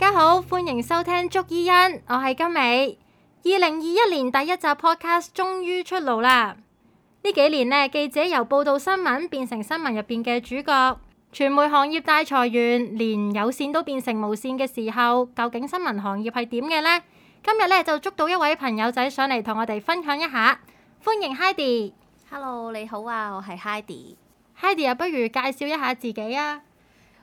大家好，歡迎收聽《捉伊恩》，我係金美。二零二一年第一集 Podcast 終於出爐啦！呢幾年呢，記者由報道新聞變成新聞入邊嘅主角，傳媒行業大裁員，連有線都變成無線嘅時候，究竟新聞行業係點嘅呢？今日咧，就捉到一位朋友仔上嚟同我哋分享一下，歡迎 h a d y Hello，你好啊，我係 h a d y h a d y 啊，Heidi，不如介紹一下自己啊。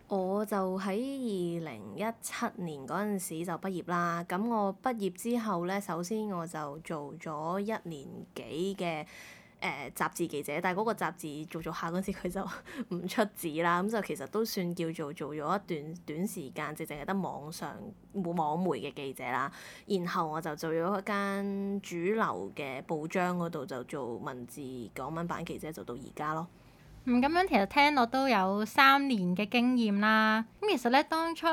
我就喺二零一七年嗰陣時就畢業啦。咁我畢業之後咧，首先我就做咗一年幾嘅誒雜誌記者，但係嗰個雜誌做做下嗰陣時，佢就唔 出紙啦。咁就其實都算叫做做咗一段短時間，淨淨係得網上網媒嘅記者啦。然後我就做咗一間主流嘅報章，嗰度就做文字港聞版記者，做到而家咯。嗯，咁樣其實聽落都有三年嘅經驗啦。咁、嗯、其實咧，當初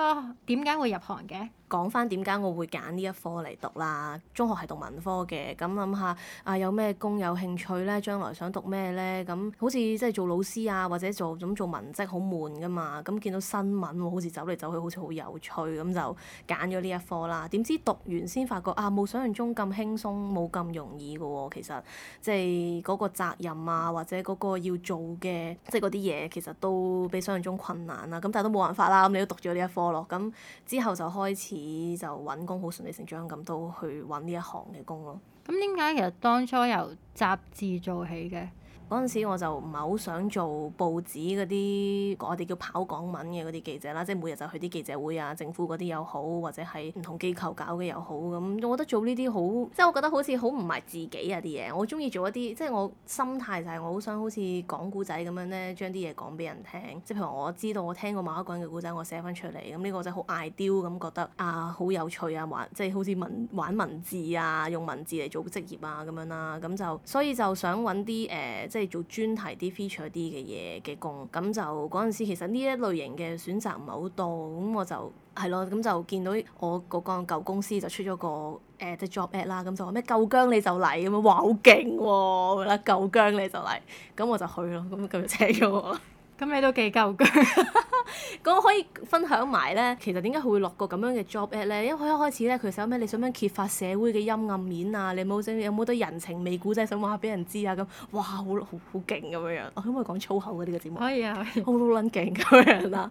點解會入行嘅？講返點解我會揀呢一科嚟讀啦？中學係讀文科嘅，咁諗下啊，有咩工有興趣咧？將來想讀咩咧？咁好似即係做老師啊，或者做咁做文職好悶㗎嘛？咁見到新聞喎，好似走嚟走去，好似好有趣，咁就揀咗呢一科啦。點知讀完先發覺啊，冇想像中咁輕鬆，冇咁容易嘅喎、哦。其實即係嗰個責任啊，或者嗰個要做嘅，即係嗰啲嘢，其實都比想像中困難啦、啊。咁但係都冇辦法啦，咁你都讀咗呢一科咯。咁之後就開始。就揾工好順理成章。咁，都去揾呢一行嘅工咯。咁點解其實當初由雜誌做起嘅？嗰陣時我就唔係好想做報紙嗰啲，我哋叫跑港聞嘅嗰啲記者啦，即係每日就去啲記者會啊，政府嗰啲又好，或者係唔同機構搞嘅又好咁。我覺得做呢啲好，即係我覺得好似好唔係自己啊啲嘢。我中意做一啲，即係我心態就係我好想好似講古仔咁樣咧，將啲嘢講俾人聽。即係譬如我知道我聽過某一個人嘅故仔，我寫翻出嚟咁，呢個真係好 ideal 咁覺得啊，好有趣啊，玩，即係好似文玩文字啊，用文字嚟做職業啊咁樣啦、啊，咁就所以就想揾啲誒即係。做專題啲 feature 啲嘅嘢嘅工，咁就嗰陣時，其實呢一類型嘅選擇唔係好多，咁我就係咯，咁就見到我嗰個舊公司就出咗個誒即係 job ad 啦，咁就話咩夠姜你就嚟咁樣話好勁喎，夠姜你就嚟，咁我就去咯，咁佢就請咗我，咁 你都幾夠姜。 咁我可以分享埋咧，其實點解佢會落個咁樣嘅 job 咧？因為佢一開始咧，佢想咩？你想咩揭發社會嘅陰暗面啊？你冇整，有冇得人情味古仔想話俾人知啊？咁哇，好好好勁咁樣樣。我可唔可以講粗口嘅呢個節目？可以啊，好撚勁咁樣啦。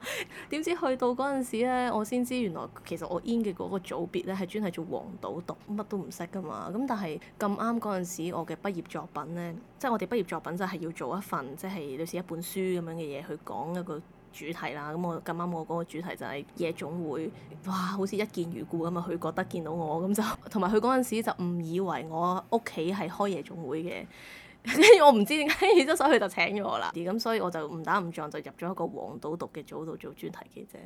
點、啊、 知去到嗰陣時咧，我先知原來其實我 in 嘅嗰個組別咧係專係做黃賭毒，乜都唔識噶嘛。咁但係咁啱嗰陣時，我嘅畢業作品咧，即係我哋畢業作品就係要做一份即係類似一本書咁樣嘅嘢去講一個。主題啦，咁我咁啱我嗰個主題就係夜總會，哇，好似一見如故咁啊，佢覺得見到我咁就，同埋佢嗰陣時就誤以為我屋企係開夜總會嘅，跟 住我唔知點解一出手佢就請咗我啦，咁所以我就誤打誤撞就入咗一個黃賭毒嘅組度做專題記者。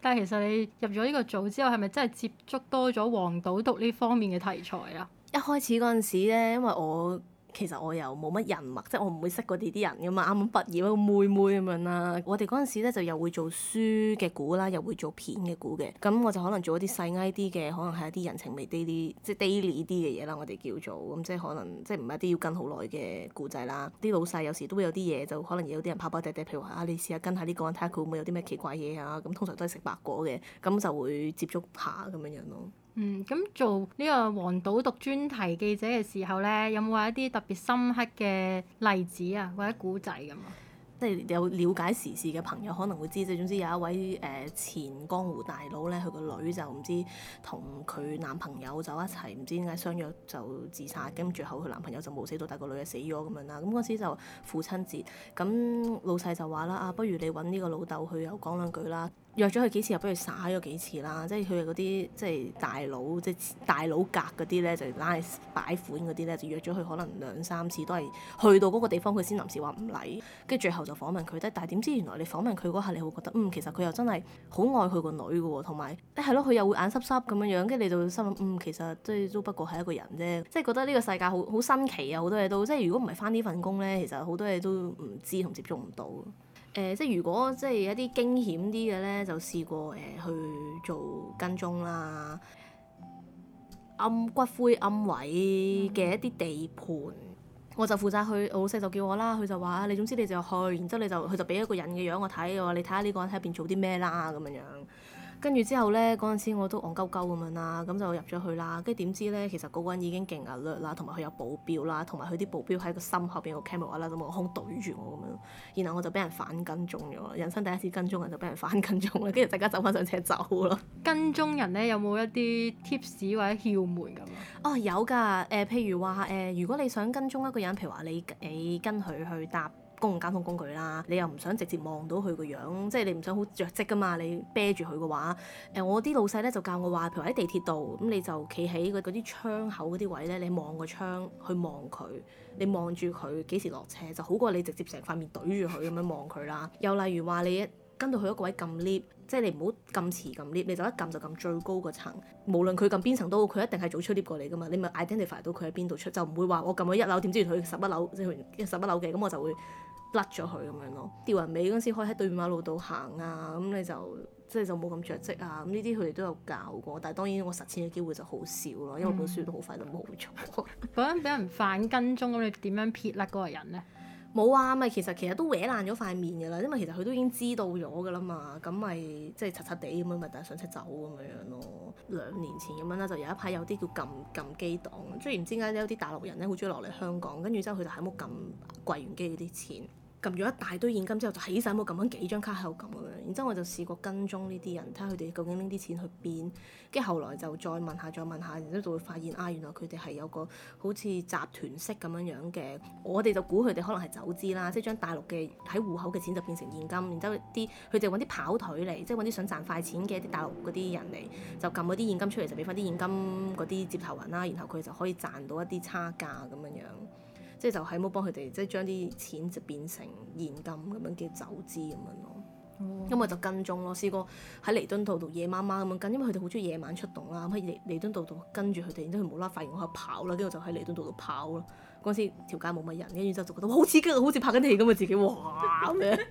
但係其實你入咗呢個組之後，係咪真係接觸多咗黃賭毒呢方面嘅題材啊？一開始嗰陣時咧，因為我。其實我又冇乜人脈，即我唔會識嗰啲啲人㗎嘛。啱啱畢業個妹妹咁樣啦，我哋嗰陣時咧就又會做書嘅稿啦，又會做片嘅稿嘅。咁我就可能做一啲細 I 啲嘅，可能係一啲人情味啲，即係 daily 啲嘅嘢啦。我哋叫做咁，即係可能即唔係一啲要跟好耐嘅故仔啦。啲老細有時都會有啲嘢，就可能有啲人跑跑趯趯，譬如話啊，你試下跟下呢、呢個，睇下佢會唔會有啲咩奇怪嘢啊。咁通常都係食白果嘅，咁就會接觸下咁樣樣咯。嗯，咁、嗯、做呢個黃賭毒專題記者嘅時候咧，有冇話一啲特別深刻嘅例子啊，或者古仔咁啊？即係有了解時事嘅朋友可能會知，即係總之有一位誒、呃、前江湖大佬咧，佢個女就唔知同佢男朋友就一齊，唔知點解相約就自殺，跟住後佢男朋友就冇死到，但係個女嘅死咗咁樣啦。咁嗰時就父親節，咁老細就話啦：啊，不如你揾呢個老豆去又講兩句啦。約咗佢幾次，又俾佢耍咗幾次啦。即係佢哋嗰啲，即係大佬，即係大佬格嗰啲咧，就攬嚟擺款嗰啲咧，就約咗佢可能兩三次，都係去到嗰個地方，佢先臨時話唔嚟。跟住最後就訪問佢得，但係點知原來你訪問佢嗰下，你會覺得嗯，其實佢又真係好愛佢個女㗎喎，同埋係咯，佢、哎、又會眼濕濕咁樣樣，跟住你就會心諗嗯，其實即係都不過係一個人啫，即係覺得呢個世界好好新奇啊，好多嘢都即係如果唔係返呢份工咧，其實好多嘢都唔知同接觸唔到。誒、呃、即係如果即係一啲驚險啲嘅咧，就試過誒、呃、去做跟蹤啦，龕骨灰龕位嘅一啲地盤，我就負責去。我老細就叫我啦，佢就話你總之你就去，然之後你就佢就俾一個人嘅樣我睇，我話你睇下呢個人喺入邊做啲咩啦咁樣。跟住之後咧，嗰陣時我都戇鳩鳩咁樣啦，咁就入咗去啦。跟住點知咧，其實嗰個人已經勁阿略啦，同埋佢有保鏢啦，同埋佢啲保鏢喺個心口邊個 camera 啦，都冇空對住我咁樣。然後我就俾人反跟蹤咗，人生第一次跟蹤人就俾人反跟蹤啦。跟住即刻走翻上車走啦。跟蹤人咧有冇一啲 tips 或者竅門咁啊？哦，有㗎。誒、呃，譬如話誒、呃，如果你想跟蹤一個人，譬如話你誒跟佢去搭公共交通工具啦，你又唔想直接望到佢個樣，即係你唔想好着跡㗎嘛？你啤住佢嘅話，誒、呃、我啲老細咧就教我話，譬如喺地鐵度，咁、嗯、你就企喺嗰嗰啲窗口嗰啲位咧，你望個窗去望佢，你望住佢幾時落車，就好過你直接成塊面對住佢咁樣望佢啦。又例如話你跟到佢一個位撳 lift，即係你唔好咁遲撳 lift，你就一撳就撳最高嗰層，無論佢撳邊層都好，佢一定係早出 lift 過嚟㗎嘛，你咪 identify 到佢喺邊度出，就唔會話我撳佢一樓，點知佢十一樓，十一樓嘅，咁、嗯、我就會。甩咗佢咁樣咯，吊人尾嗰陣時可以喺對面馬路度行啊，咁你就即係就冇咁着跡啊，咁呢啲佢哋都有教過，但係當然我實踐嘅機會就好少咯，因為我本書都好快就冇咗、嗯。嗰陣俾人反跟蹤，咁你點樣撇甩嗰個人咧？冇啊，咪其實其實都搣爛咗塊面㗎啦，因為其實佢都已經知道咗㗎啦嘛，咁咪即係柒柒地咁樣咪登上車走咁樣樣咯。兩年前咁樣啦，就有一排有啲叫撳撳機黨，即係唔知點解有啲大陸人咧好中意落嚟香港，跟住之後佢就喺度撳櫃員機嗰啲錢。撳咗一大堆現金之後就起晒冇撳翻幾張卡後咁咁樣，然之後我就試過跟蹤呢啲人睇下佢哋究竟拎啲錢去邊，跟住後來就再問下再問下，然之後就會發現啊原來佢哋係有個好似集團式咁樣樣嘅，我哋就估佢哋可能係走資啦，即係將大陸嘅喺戶口嘅錢就變成現金，然之後啲佢哋揾啲跑腿嚟，即係揾啲想賺快錢嘅大陸嗰啲人嚟，就撳嗰啲現金出嚟就俾翻啲現金嗰啲接頭人啦，然後佢哋就可以賺到一啲差價咁樣樣。即係就係冇幫佢哋，即係將啲錢就變成現金咁樣叫走資咁樣咯。因為、嗯、就跟蹤咯，試過喺彌敦道度夜麻麻咁樣跟，因為佢哋好中意夜晚出動啦。咁喺彌，彌敦道度跟住佢哋，然之後冇啦啦發現我喺度跑啦，跟住我就喺彌敦道度跑咯。嗰陣時條街冇乜人，跟住之後就覺得好刺激，好似拍緊戲咁啊自己哇咁樣。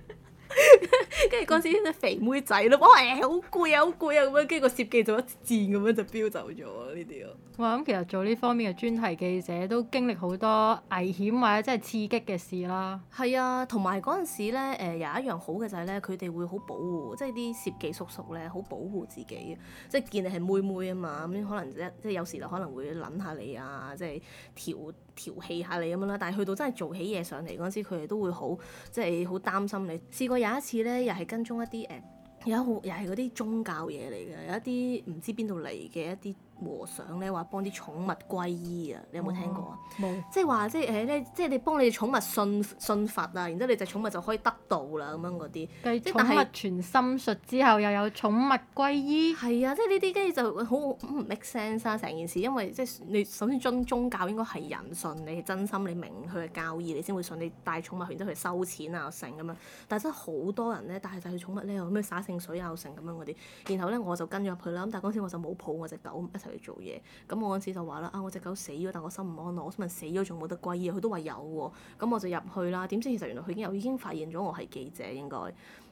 跟住嗰陣時啲肥妹仔咯，哎、哇！好攰啊，好攰啊，咁樣跟住個攝記做一箭咁樣就飆走咗呢啲咯。哇！咁其實做呢方面嘅專題記者都經歷好多危險或者即係刺激嘅事啦。係啊，同埋嗰陣時咧，誒、呃、有一樣好嘅就係、是、咧，佢哋會好保護，即係啲攝記叔叔咧好保護自己，即、就、係、是、見你係妹妹啊嘛，咁可能即即有時就可能會攆下你啊，即係調，調戲下你咁樣啦，但係去到真係做起嘢上嚟嗰陣時，佢哋都會好即係好擔心你。試過有一次咧，又係跟蹤一啲誒、有一好又係嗰啲宗教嘢嚟嘅，有一啲唔知邊度嚟嘅一啲。和尚咧話幫啲寵物皈依啊！你有冇聽過啊？冇、嗯欸。即係話即係誒咧，即係你幫你隻寵物信信佛啊，然之後你隻寵物就可以得道啦咁樣嗰啲。即係是寵物傳是心術之後又有寵物皈依。係啊，即係呢啲跟住就好唔 make sense 啊！成件事，因為即係你首先尊宗教應該係人信你係真心你，你明佢嘅教義，你先會信。你帶寵物去，然之後去收錢啊又剩咁樣。但係真係好多人咧帶晒佢寵物咧，又咩灑聖水又剩咁樣嗰啲。然後咧我就跟咗入去啦，咁但係嗰時我就冇抱我隻狗一齊。嚟做嘢，咁我嗰陣時就話啦，啊我隻狗死咗，但我心唔安樂。我想問死咗仲有冇得歸依啊？佢都話有喎，咁我就入去啦。點知其實原來佢已經有已經發現咗我係記者應該，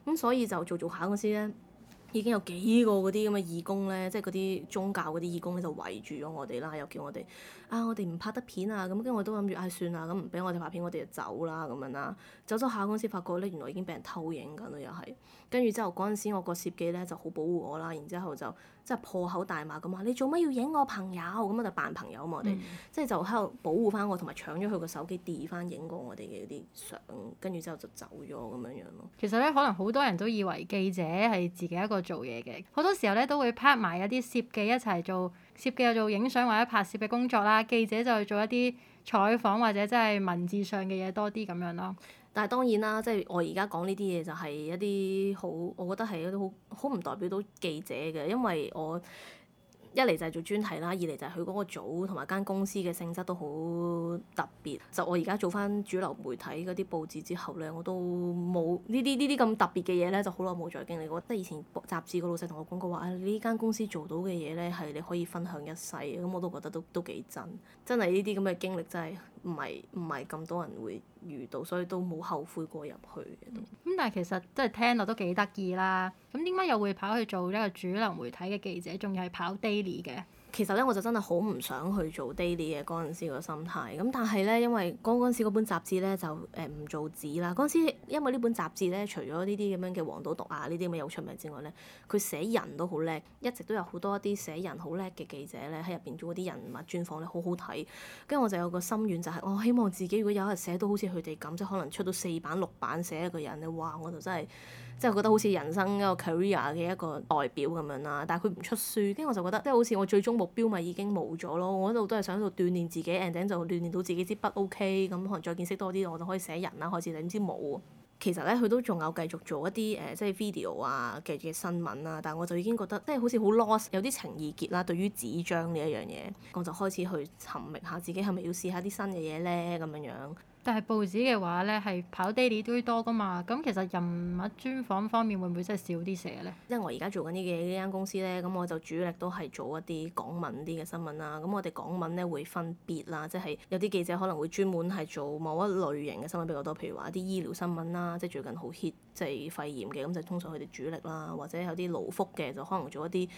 咁所以就做做下嗰陣時咧，已經有幾個嗰啲咁嘅義工咧，即係嗰啲宗教嗰啲義工咧就圍住咗我哋啦，又叫我哋。啊！我哋唔拍得片啊，咁跟住我都諗住，唉、哎、算啦，咁唔俾我哋拍片，我哋就走啦，咁樣啦。走咗下嗰陣時，發覺咧，原來已經被人偷影緊，又係。跟住之後嗰陣時我呢，我個攝記咧就好保護我啦，然之後就即係破口大罵咁話：你做乜要影我朋友？咁我就扮朋友啊嘛，我哋、嗯、即係就喺度保護翻我，同埋搶咗佢個手機 delete 翻影過我哋嘅嗰啲相，跟住之後就走咗咁樣樣咯。其實咧，可能好多人都以為記者係自己一個做嘢嘅，好多時候咧都會拍埋一啲攝記一齊做。攝記就做影相或者拍攝嘅工作啦，記者就做一啲採訪或者即係文字上嘅嘢多啲咁樣咯。但係當然啦，即係我而家講呢啲嘢就係一啲好，我覺得係一啲好好唔代表到記者嘅，因為我。一嚟就係做專題啦，二嚟就係佢嗰個組同埋間公司嘅性質都好特別。就我而家做返主流媒體嗰啲報紙之後咧，我都冇呢啲呢啲咁特別嘅嘢咧，就好耐冇再經歷過。我覺得以前博雜誌個老細同我講過話，啊，呢間公司做到嘅嘢咧係你可以分享一世，咁我都覺得都都幾真。真係呢啲咁嘅經歷真係唔係唔係咁多人會。遇到，所以都冇後悔過入去嘅。咁、嗯、但係其實即係聽落都幾得意啦。咁點解又會跑去做一個主流媒體嘅記者，仲要係跑 daily 嘅？其實咧，我就真係好唔想去做 daily 嘅嗰陣時個心態。咁但係咧，因為嗰陣時嗰本雜誌咧就誒唔做紙啦。嗰陣時因為呢本雜誌咧，除咗呢啲咁樣嘅黃賭毒啊呢啲咁嘅嘢好出名之外咧，佢寫人都好叻，一直都有好多一啲寫人好叻嘅記者咧喺入邊做嗰啲人物專訪咧，好好睇。跟住我就有個心願就係、是，我、哦、希望自己如果有日寫到好似佢哋咁，即係可能出到四版六版寫一個人，嘩我就真係。即係我覺得好似人生一個 career 嘅一個代表咁樣啦，但係佢唔出書，跟住我就覺得即係好似我最終目標咪已經冇咗咯。我一路都係想喺度鍛鍊自己，and then 就鍛鍊到自己支筆 OK，咁、嗯、可能再見識多啲，我就可以寫人啦。開始點知冇，其實咧佢都仲有繼續做一啲誒、呃，即係 video 啊嘅嘅新聞啦、啊。但係我就已經覺得，即係好似好 lost，有啲情意結啦。對於紙張呢一樣嘢，我就開始去尋覓下自己係咪要試下啲新嘅嘢咧，咁樣樣。但係報紙嘅話咧，係跑 daily 都多噶嘛，咁其實人物專訪方面會唔會真係少啲寫咧？因為我而家做緊啲嘅呢間公司咧，咁我就主力都係做一啲港聞啲嘅新聞啦。咁我哋港聞咧會分別啦，即係有啲記者可能會專門係做某一類型嘅新聞比較多，譬如話一啲醫療新聞啦，即係最近好 hit 即係肺炎嘅，咁就通常佢哋主力啦，或者有啲勞福嘅就可能做一啲。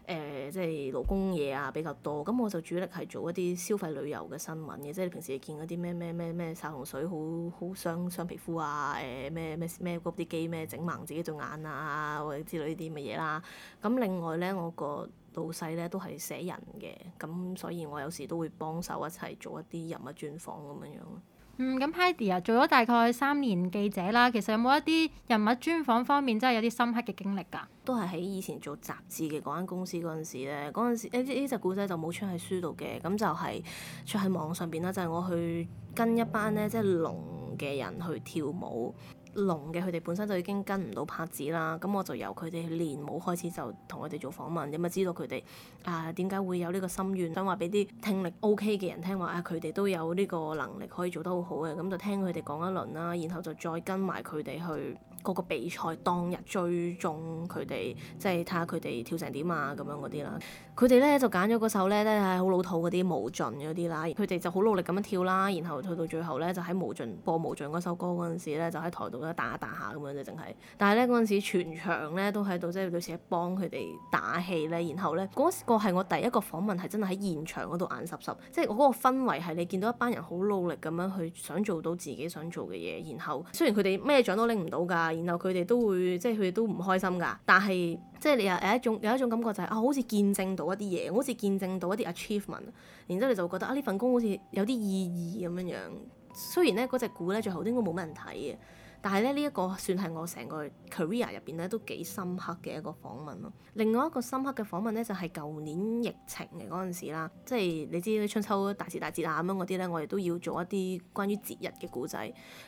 誒、呃、即係勞工嘢啊比較多，咁我就主力係做一啲消費旅遊嘅新聞嘅，即係平時見嗰啲咩咩咩咩殺蟲水好好傷傷皮膚啊，誒咩咩咩嗰啲機咩整盲自己對眼啊，或者之類呢啲咁嘅嘢啦。咁另外咧，我個老細咧都係寫人嘅，咁所以我有時都會幫手一齊做一啲人物專訪咁樣樣。嗯，咁 Hady 啊，做咗大概三年記者啦，其實有冇一啲人物專訪方面真係有啲深刻嘅經歷㗎？都係喺以前做雜誌嘅嗰間公司嗰陣時咧，嗰陣時呢呢隻古仔就冇出喺書度嘅，咁就係出喺網上邊啦。就係、是、我去跟一班咧即係聾嘅人去跳舞。聾嘅佢哋本身就已經跟唔到拍子啦，咁我就由佢哋練舞開始，就同佢哋做訪問，咁啊知道佢哋啊點解會有呢個心願，想話俾啲聽力 OK 嘅人聽話，啊佢哋都有呢個能力可以做得好好嘅，咁就聽佢哋講一輪啦，然後就再跟埋佢哋去。個個比賽當日追蹤佢哋，即係睇下佢哋跳成點啊咁樣嗰啲啦。佢哋咧就揀咗嗰首咧都係好老土嗰啲無盡嗰啲啦。佢哋就好努力咁樣跳啦，然後到到最後咧就喺無盡播無盡嗰首歌嗰陣時咧就喺台度打彈下彈下咁樣啫，淨係。但係咧嗰陣時全場咧都喺度，即係類似幫佢哋打氣咧。然後咧嗰個係我第一個訪問係真係喺現場嗰度眼濕濕，即係我嗰個氛圍係你見到一班人好努力咁樣去想做到自己想做嘅嘢。然後雖然佢哋咩獎都拎唔到㗎。然後佢哋都會即係佢哋都唔開心㗎，但係即係你又有一種有一種感覺就係啊，好似見證到一啲嘢，好似見證到一啲 achievement，然之後你就會覺得啊呢份工好似有啲意義咁樣樣。雖然咧嗰隻股咧最後都應該冇乜人睇嘅。但係咧，呢、這、一個算係我成個 career 入邊咧都幾深刻嘅一個訪問咯。另外一個深刻嘅訪問咧，就係、是、舊年疫情嘅嗰陣時啦，即係你知春秋大時大節啊咁樣嗰啲咧，我哋都要做一啲關於節日嘅故仔。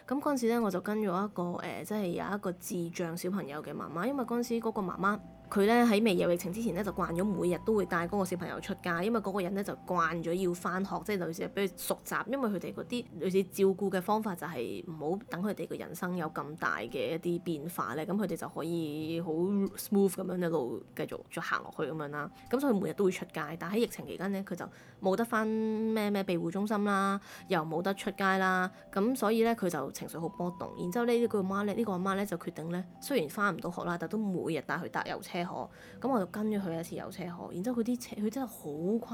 咁嗰陣時咧，我就跟咗一個誒、呃，即係有一個智障小朋友嘅媽媽，因為嗰陣時嗰個媽媽。佢咧喺未有疫情之前咧就慣咗每日都會帶嗰個小朋友出街，因為嗰個人咧就慣咗要翻學，即係類似俾佢熟習。因為佢哋嗰啲類似照顧嘅方法就係唔好等佢哋嘅人生有咁大嘅一啲變化咧，咁佢哋就可以好 smooth 咁樣一路繼續再行落去咁樣啦。咁所以每日都會出街，但喺疫情期間咧，佢就冇得翻咩咩庇護中心啦，又冇得出街啦。咁所以咧，佢就情緒好波動。然之後咧，呢個媽咧，呢個阿媽咧就決定咧，雖然翻唔到學啦，但都每日帶佢搭遊車。可咁、嗯、我就跟咗佢一次遊車河，然之後佢啲車佢真係好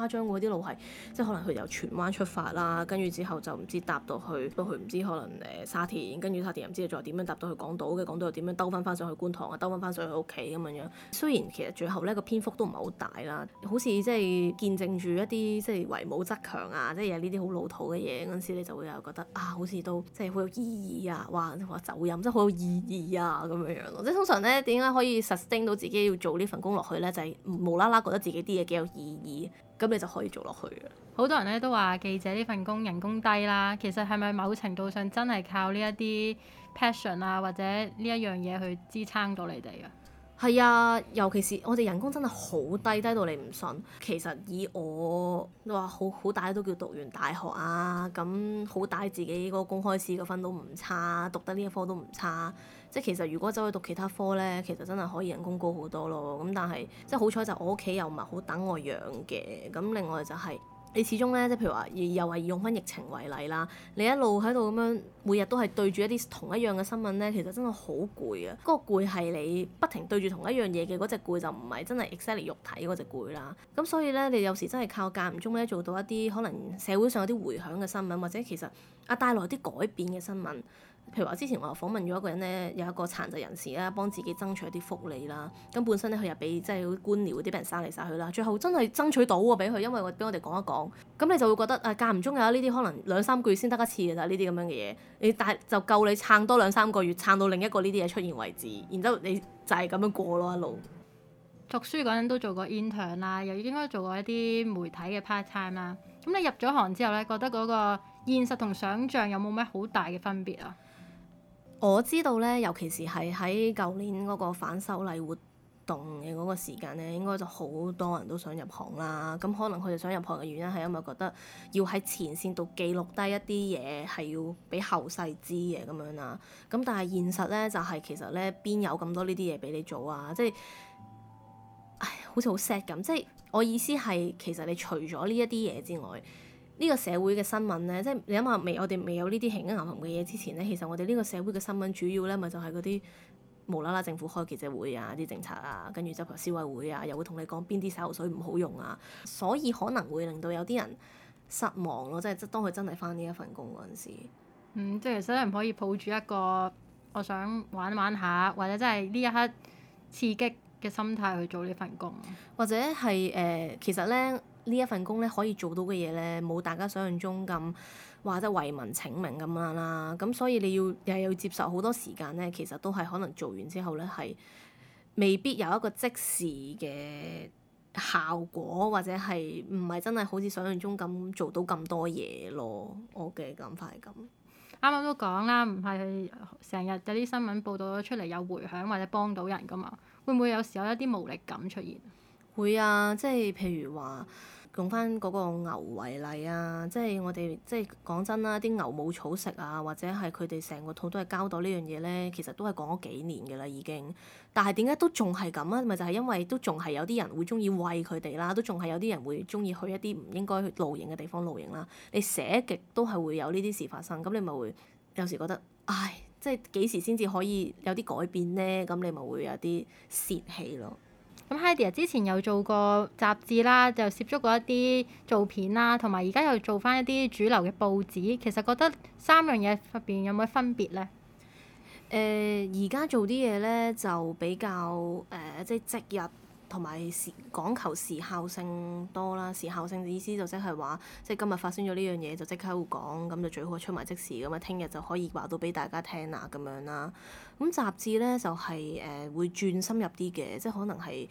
誇張喎！啲路係即係可能佢由荃灣出發啦，跟住之後就唔知搭到去到去唔知可能誒、呃、沙田，跟住沙田又唔知再點樣搭到去港島嘅，港島又點樣兜翻翻上去觀塘啊，兜翻翻上去屋企咁樣樣。雖然其實最後咧個篇幅都唔係好大啦，好似即係見證住一啲即係唯武則強啊，即係有呢啲好老土嘅嘢嗰陣時，你就會又覺得啊，好似都即係好有意義啊！哇,哇走音真係好有意義啊咁樣樣咯，即係通常咧點解可以 sustain 到自己？做呢份工落去咧，就係無啦啦覺得自己啲嘢幾有意義，咁你就可以做落去啊！好多人咧都話記者呢份工人工低啦，其實係咪某程度上真係靠呢一啲 passion 啊，或者呢一樣嘢去支撐到你哋啊？係啊，尤其是我哋人工真係好低，低到你唔信。其實以我你話好好歹都叫讀完大學啊，咁好歹自己嗰個公開試個分都唔差，讀得呢一科都唔差。即其實如果走去讀其他科咧，其實真係可以人工高好多咯。咁但係即好彩就我屋企又唔係好等我養嘅。咁另外就係、係、你始終咧，即譬如話又係用返疫情為例啦。你一路喺度咁樣每日都係對住一啲同一樣嘅新聞咧，其實真係好攰啊。嗰、嗰個攰係你不停對住同一樣嘢嘅嗰隻攰就唔係真係 exactly 肉體嗰隻攰啦。咁所以咧，你有時真係靠間唔中咧做到一啲可能社會上有啲迴響嘅新聞，或者其實啊帶來啲改變嘅新聞。譬如話之前我又訪問咗一個人咧，有一個殘疾人士啦，幫自己爭取一啲福利啦。咁本身咧佢又俾即係官僚嗰啲俾人耍嚟耍去啦。最後真係爭取到喎，俾佢，因為我俾我哋講一講。咁、嗯、你就會覺得啊，間唔中有呢啲可能兩三個月先得一次㗎咋呢啲咁樣嘅嘢。你但係就夠你撐多兩三個月，撐到另一個呢啲嘢出現為止。然之後你就係咁樣過咯一路。讀書嗰陣都做過 intern 啦，又應該做過一啲媒體嘅 part time 啦。咁你入咗行之後咧，覺得嗰個現實同想像有冇咩好大嘅分別啊？我知道咧，尤其是係喺舊年嗰個反修例活動嘅嗰個時間咧，應該就好多人都想入行啦。咁、嗯、可能佢哋想入行嘅原因係因為覺得要喺前線度記錄低一啲嘢，係要俾後世知嘅咁樣啦。咁、嗯、但係現實咧就係、是、其實咧，邊有咁多呢啲嘢俾你做啊？即係，唉，好似好 sad 咁。即係我意思係，其實你除咗呢一啲嘢之外。呢個社會嘅新聞咧，即係你諗下未，我哋未有呢啲紅啊紅嘅嘢之前咧，其實我哋呢個社會嘅新聞主要咧，咪就係嗰啲無啦啦政府開記者會啊，啲政策啊，跟住就譬如消委會啊，又會同你講邊啲洗頭水唔好用啊，所以可能會令到有啲人失望咯，即係即當佢真係返呢一份工嗰陣時。嗯，即係所以唔可以抱住一個我想玩玩下，或者真係呢一刻刺激嘅心態去做呢份工，或者係誒、呃，其實咧。呢一份工咧，可以做到嘅嘢咧，冇大家想象中咁話即係為民請命咁樣啦。咁所以你要又要接受好多時間咧，其實都係可能做完之後咧，係未必有一個即時嘅效果，或者係唔係真係好似想象中咁做到咁多嘢咯？我嘅諗法係咁。啱啱都講啦，唔係成日有啲新聞報導咗出嚟有回響或者幫到人噶嘛，會唔會有時有一啲無力感出現？會啊，即係譬如話。用翻嗰個牛為例啊，即係我哋即係講真啦，啲牛冇草食啊，或者係佢哋成個肚都係膠袋呢樣嘢咧，其實都係講咗幾年嘅啦已經。但係點解都仲係咁啊？咪就係因為都仲係有啲人會中意餵佢哋啦，都仲係有啲人會中意去一啲唔應該去露營嘅地方露營啦。你寫極都係會有呢啲事發生，咁你咪會有時覺得，唉，即係幾時先至可以有啲改變咧？咁你咪會有啲泄氣咯。咁 Haidy 啊，之前有做過雜誌啦，就涉足過一啲做片啦，同埋而家又做翻一啲主流嘅報紙。其實覺得三樣嘢入邊有冇分別咧？誒、呃，而家做啲嘢咧就比較誒、呃，即係即日。同埋時講求時效性多啦，時效性嘅意思就即係話，即係今日發生咗呢樣嘢就即刻會講，咁就最好出埋即時咁啊，聽日就可以話到俾大家聽啊咁樣啦。咁雜誌咧就係、是、誒、呃、會轉深入啲嘅，即係可能係。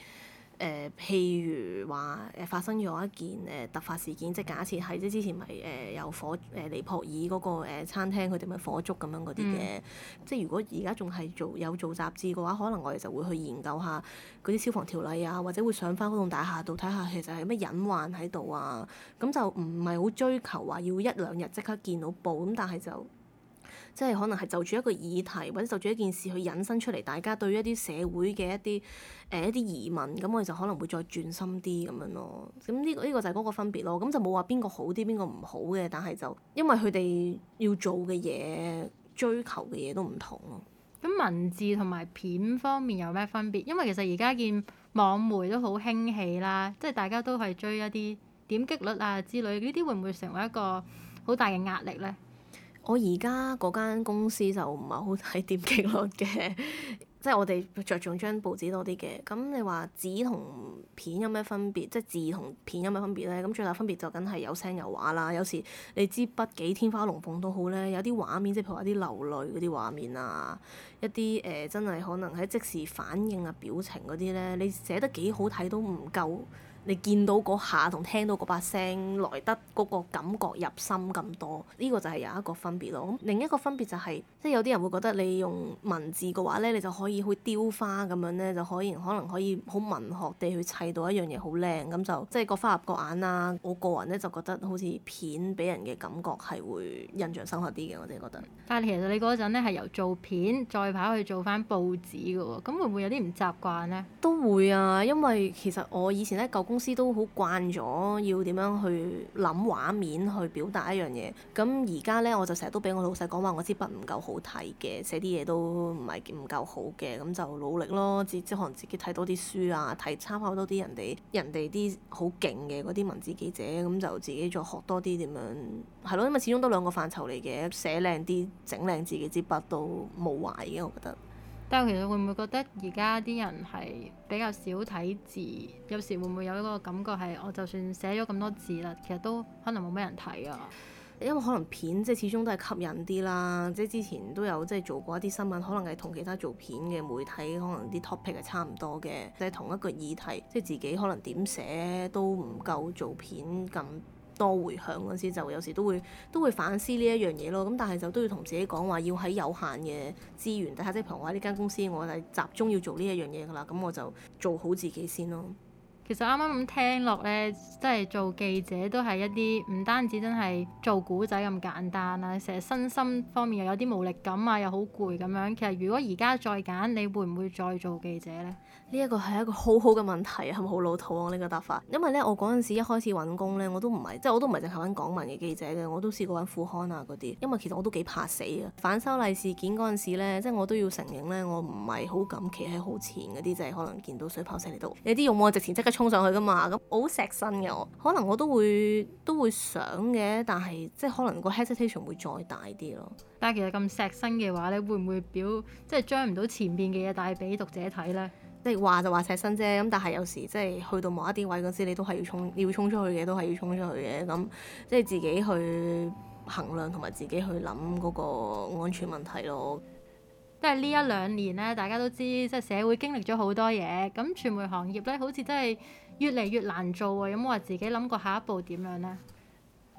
誒、呃，譬如話誒、呃、發生咗一件誒、呃、突發事件，即係假設係即係之前咪誒有火誒尼泊爾嗰個誒餐廳佢哋咪火燭咁樣嗰啲嘅，嗯、即係如果而家仲係做有做雜誌嘅話，可能我哋就會去研究下嗰啲消防條例啊，或者會上返嗰棟大廈度睇下其實係有咩隱患喺度啊。咁就唔係好追求話要一兩日即刻見到報咁，但係就。即係可能係就住一個議題或者就住一件事去引申出嚟，大家對於一啲社會嘅一啲誒、呃、一啲疑問，咁我哋就可能會再轉深啲咁樣咯。咁呢、這個呢、這個就係嗰個分別咯。咁就冇話邊個好啲，邊個唔好嘅，但係就因為佢哋要做嘅嘢、追求嘅嘢都唔同咯。咁文字同埋片方面有咩分別？因為其實而家見網媒都好興起啦，即係大家都係追一啲點擊率啊之類，呢啲會唔會成為一個好大嘅壓力咧？我而家嗰間公司就唔係好睇點擊率嘅， 即係我哋着重張報紙多啲嘅。咁你話紙同片有咩分別？即係字同片有咩分別咧？咁最大分別就梗係有聲有畫啦。有時你知筆幾天花龍鳳都好咧，有啲畫面，即係譬如話啲流淚嗰啲畫面啊，一啲誒、呃、真係可能喺即時反應啊、表情嗰啲咧，你寫得幾好睇都唔夠。你見到嗰下同聽到嗰把聲來得嗰個感覺入心咁多，呢個就係有一個分別咯。另一個分別就係，即係有啲人會覺得你用文字嘅話咧，你就可以去雕花咁樣咧，就可以可能可以好文學地去砌到一樣嘢好靚咁就，即係各花入各眼啦。我個人咧就覺得好似片俾人嘅感覺係會印象深刻啲嘅，我哋覺得。但係其實你嗰陣咧係由做片再跑去做翻報紙嘅喎，咁會唔會有啲唔習慣咧？都會啊，因為其實我以前咧舊公公司都好慣咗要點樣去諗畫面去表達一樣嘢，咁而家咧我就成日都俾我老細講話我支筆唔夠好睇嘅，寫啲嘢都唔係唔夠好嘅，咁就努力咯，自即，即可能自己睇多啲書啊，睇參考多啲人哋人哋啲好勁嘅嗰啲文字記者，咁就自己再學多啲點樣，係咯，因為始終都兩個範疇嚟嘅，寫靚啲整靚自己支筆都冇壞嘅，我覺得。但係其實會唔會覺得而家啲人係比較少睇字？有時會唔會有一個感覺係，我就算寫咗咁多字啦，其實都可能冇咩人睇啊？因為可能片即係始終都係吸引啲啦，即係之前都有即係做過一啲新聞，可能係同其他做片嘅媒體可能啲 topic 係差唔多嘅，即係同一個議題，即係自己可能點寫都唔夠做片咁。多回響嗰陣時，就有時都會都會反思呢一樣嘢咯。咁但係就都要同自己講話，要喺有限嘅資源底下，即係譬如話喺呢間公司，我就係集中要做呢一樣嘢㗎啦。咁我就做好自己先咯。其實啱啱咁聽落咧，即係做記者都係一啲唔單止真係做古仔咁簡單啦，成日身心方面又有啲無力感啊，又好攰咁樣。其實如果而家再揀，你會唔會再做記者咧？呢一個係一個好好嘅問題啊，係咪好老土啊？呢個答法，因為咧我嗰陣時一開始揾工咧，我都唔係即係我都唔係淨係揾港聞嘅記者嘅，我都試過揾副刊啊嗰啲。因為其實我都幾怕死嘅。反修例事件嗰陣時咧，即係我都要承認咧，我唔係好敢企喺好前嗰啲，就係、是、可能見到水炮犀利到有啲用我直情即刻衝上去㗎嘛？咁我好錫身嘅，我可能我都會都會想嘅，但係即係可能個 hesitation 會再大啲咯。但係其實咁錫身嘅話咧，會唔會表即係將唔到前面嘅嘢帶俾讀者睇咧？即係話就話錫身啫，咁但係有時即係去到某一啲位嗰時，你都係要衝要衝出去嘅，都係要衝出去嘅。咁即係自己去衡量同埋自己去諗嗰個安全問題咯。即係呢一兩年咧，大家都知，即係社會經歷咗好多嘢。咁傳媒行業咧，好似真係越嚟越難做喎。有冇話自己諗過下一步點樣咧？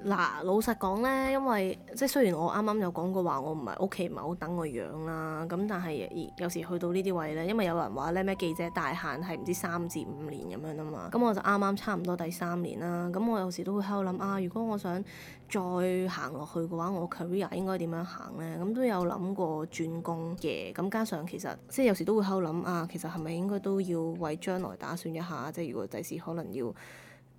嗱，老實講咧，因為即係雖然我啱啱有講過話我唔係屋企唔係好等我養啦，咁但係有時去到呢啲位咧，因為有人話咧咩記者大限係唔知三至五年咁樣啊嘛，咁我就啱啱差唔多第三年啦，咁我有時都會喺度諗啊，如果我想再行落去嘅話，我 career 應該點樣行咧？咁都有諗過轉工嘅，咁加上其實即有時都會喺度諗啊，其實係咪應該都要為將來打算一下？即如果第時可能要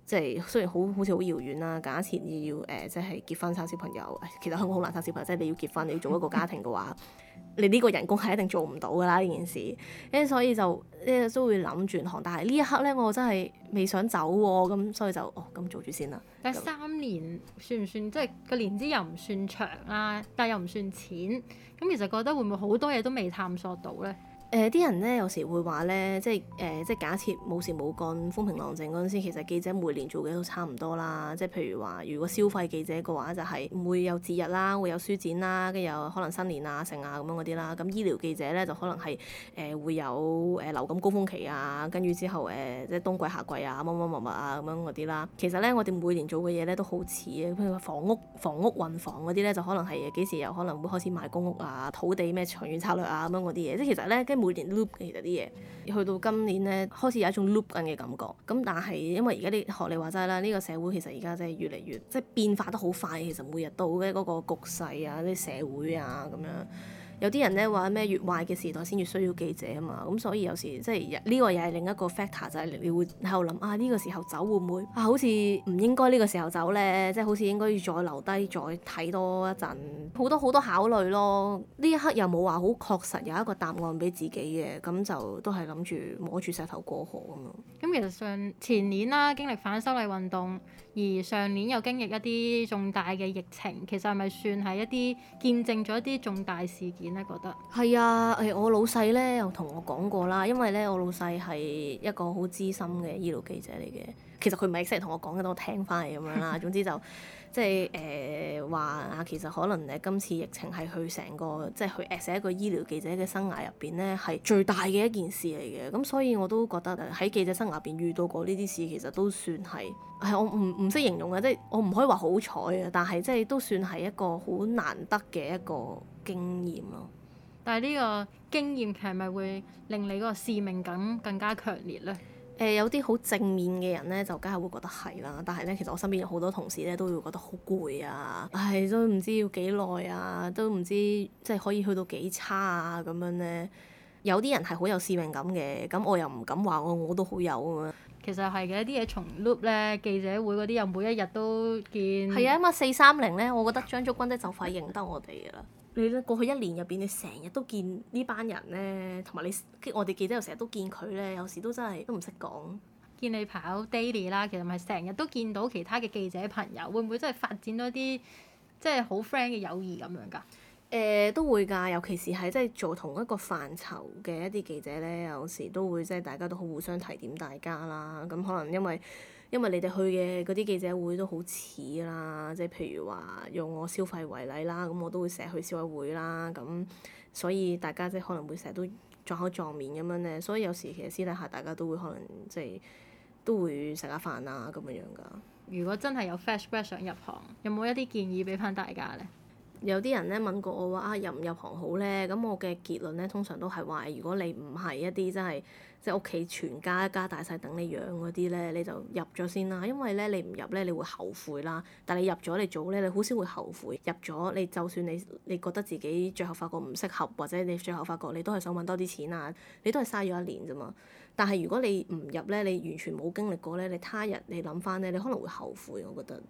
即係雖然好好似好遙遠啦，假設要誒、呃、即係結婚生小朋友，其實香港好難生小朋友。即係你要結婚，你要做一個家庭嘅話， 你呢個人工係一定做唔到㗎啦呢件事。咁所以就咧都會諗轉行，但係呢一刻咧，我真係未想走喎、啊，咁所以就哦咁做住先啦。但係三年算唔算？即係個年資又唔算長啦、啊，但係又唔算淺。咁其實覺得會唔會好多嘢都未探索到咧？誒啲、呃、人咧有時會話咧，即係誒、呃、即係假設冇事冇幹，風平浪靜嗰陣時，其實記者每年做嘅都差唔多啦。即係譬如話，如果消費記者嘅話，就係、是、唔會有節日啦，會有書展啦，跟住可能新年啊、聖啊咁樣嗰啲啦。咁醫療記者咧就可能係誒、呃、會有誒、呃、流感高峰期啊，跟住之後誒、呃、即係冬季、夏季啊，乜乜乜物啊咁樣嗰啲啦。其實咧，我哋每年做嘅嘢咧都好似嘅，譬如房屋房屋雲房嗰啲咧，就可能係幾時有可能會開始賣公屋啊、土地咩長遠策略啊咁樣嗰啲嘢。即係其實咧，跟。每年 loop 嘅其實啲嘢，去到今年咧開始有一種 loop 緊嘅感覺。咁但係因為而家啲學你話齋啦，呢個社會其實而家真係越嚟越即係變化得好快。其實每日到咧嗰個局勢啊，啲社會啊咁樣。有啲人咧話咩越壞嘅時代先越需要記者啊嘛，咁、嗯、所以有時即係呢、呢個又係另一個 factor 就係你會喺度諗啊呢、呢個時候走會唔會啊，好似唔應該呢個時候走咧，即係好似應該要再留低再睇多一陣，好多好多考慮咯。呢一刻又冇話好確實有一個答案俾自己嘅，咁就都係諗住摸住石頭過河咁咯。咁其實上前年啦，經歷反修例運動。而上年又經歷一啲重大嘅疫情，其實係咪算係一啲見證咗一啲重大事件咧？覺得係啊！誒，我老細咧又同我講過啦，因為咧我老細係一個好資深嘅醫療記者嚟嘅，其實佢唔係成日同我講嘅，我聽翻嚟咁樣啦。 總之就即係誒。呃話啊，其實可能咧，今次疫情係佢成個即係佢 at 一個醫療記者嘅生涯入邊咧，係最大嘅一件事嚟嘅。咁所以我都覺得喺記者生涯入邊遇到過呢啲事，其實都算係係我唔唔識形容啊，即係我唔可以話好彩啊，但係即係都算係一個好難得嘅一個經驗咯。但係呢個經驗係咪會令你個使命感更加強烈咧？誒、呃、有啲好正面嘅人咧，就梗係會覺得係啦。但係咧，其實我身邊有好多同事咧，都會覺得好攰啊！唉，都唔知要幾耐啊，都唔知即係可以去到幾差啊咁樣咧。有啲人係好有使命感嘅，咁我又唔敢話我我都好有啊。其實係嘅，啲嘢重 loop 咧，記者會嗰啲又每一日都見。係啊因為四三零咧，我覺得張竹君真係就快認得我哋噶啦。你咧過去一年入邊，你成日都見呢班人咧，同埋你我哋記者又成日都見佢咧，有時都真係都唔識講。見你跑 daily 啦，其實咪成日都見到其他嘅記者朋友，會唔會真係發展多啲即係好 friend 嘅友誼咁樣噶？誒、呃、都會㗎，尤其是係即係做同一個範疇嘅一啲記者咧，有時都會即係大家都好互相提點大家啦。咁可能因為因為你哋去嘅嗰啲記者會都好似啦，即係譬如話用我消費為例啦，咁我都會成日去消委會啦，咁所以大家即係可能會成日都撞口撞面咁樣咧。所以有時其實私底下大家都會可能即係都會食下飯啊咁樣噶。如果真係有 fresh fresh 想入行，有冇一啲建議俾翻大家咧？有啲人咧問過我話啊入唔入行好咧？咁我嘅結論咧通常都係話，如果你唔係一啲真係即係屋企全家一家大細等你養嗰啲咧，你就入咗先啦。因為咧你唔入咧，你會後悔啦。但係你入咗你早咧，你好少會後悔。入咗你就算你你覺得自己最後發覺唔適合，或者你最後發覺你都係想揾多啲錢啊，你都係嘥咗一年啫嘛。但係如果你唔入咧，你完全冇經歷過咧，你他日你諗翻咧，你可能會後悔。我覺得。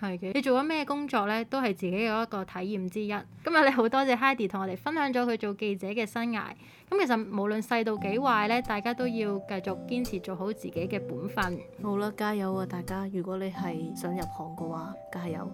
係嘅，你做咗咩工作呢？都係自己嘅一個體驗之一。今日你好多謝 Hedy 同我哋分享咗佢做記者嘅生涯。咁其實無論世道幾壞呢，大家都要繼續堅持做好自己嘅本分。好啦，加油啊，大家！如果你係想入行嘅話，加油。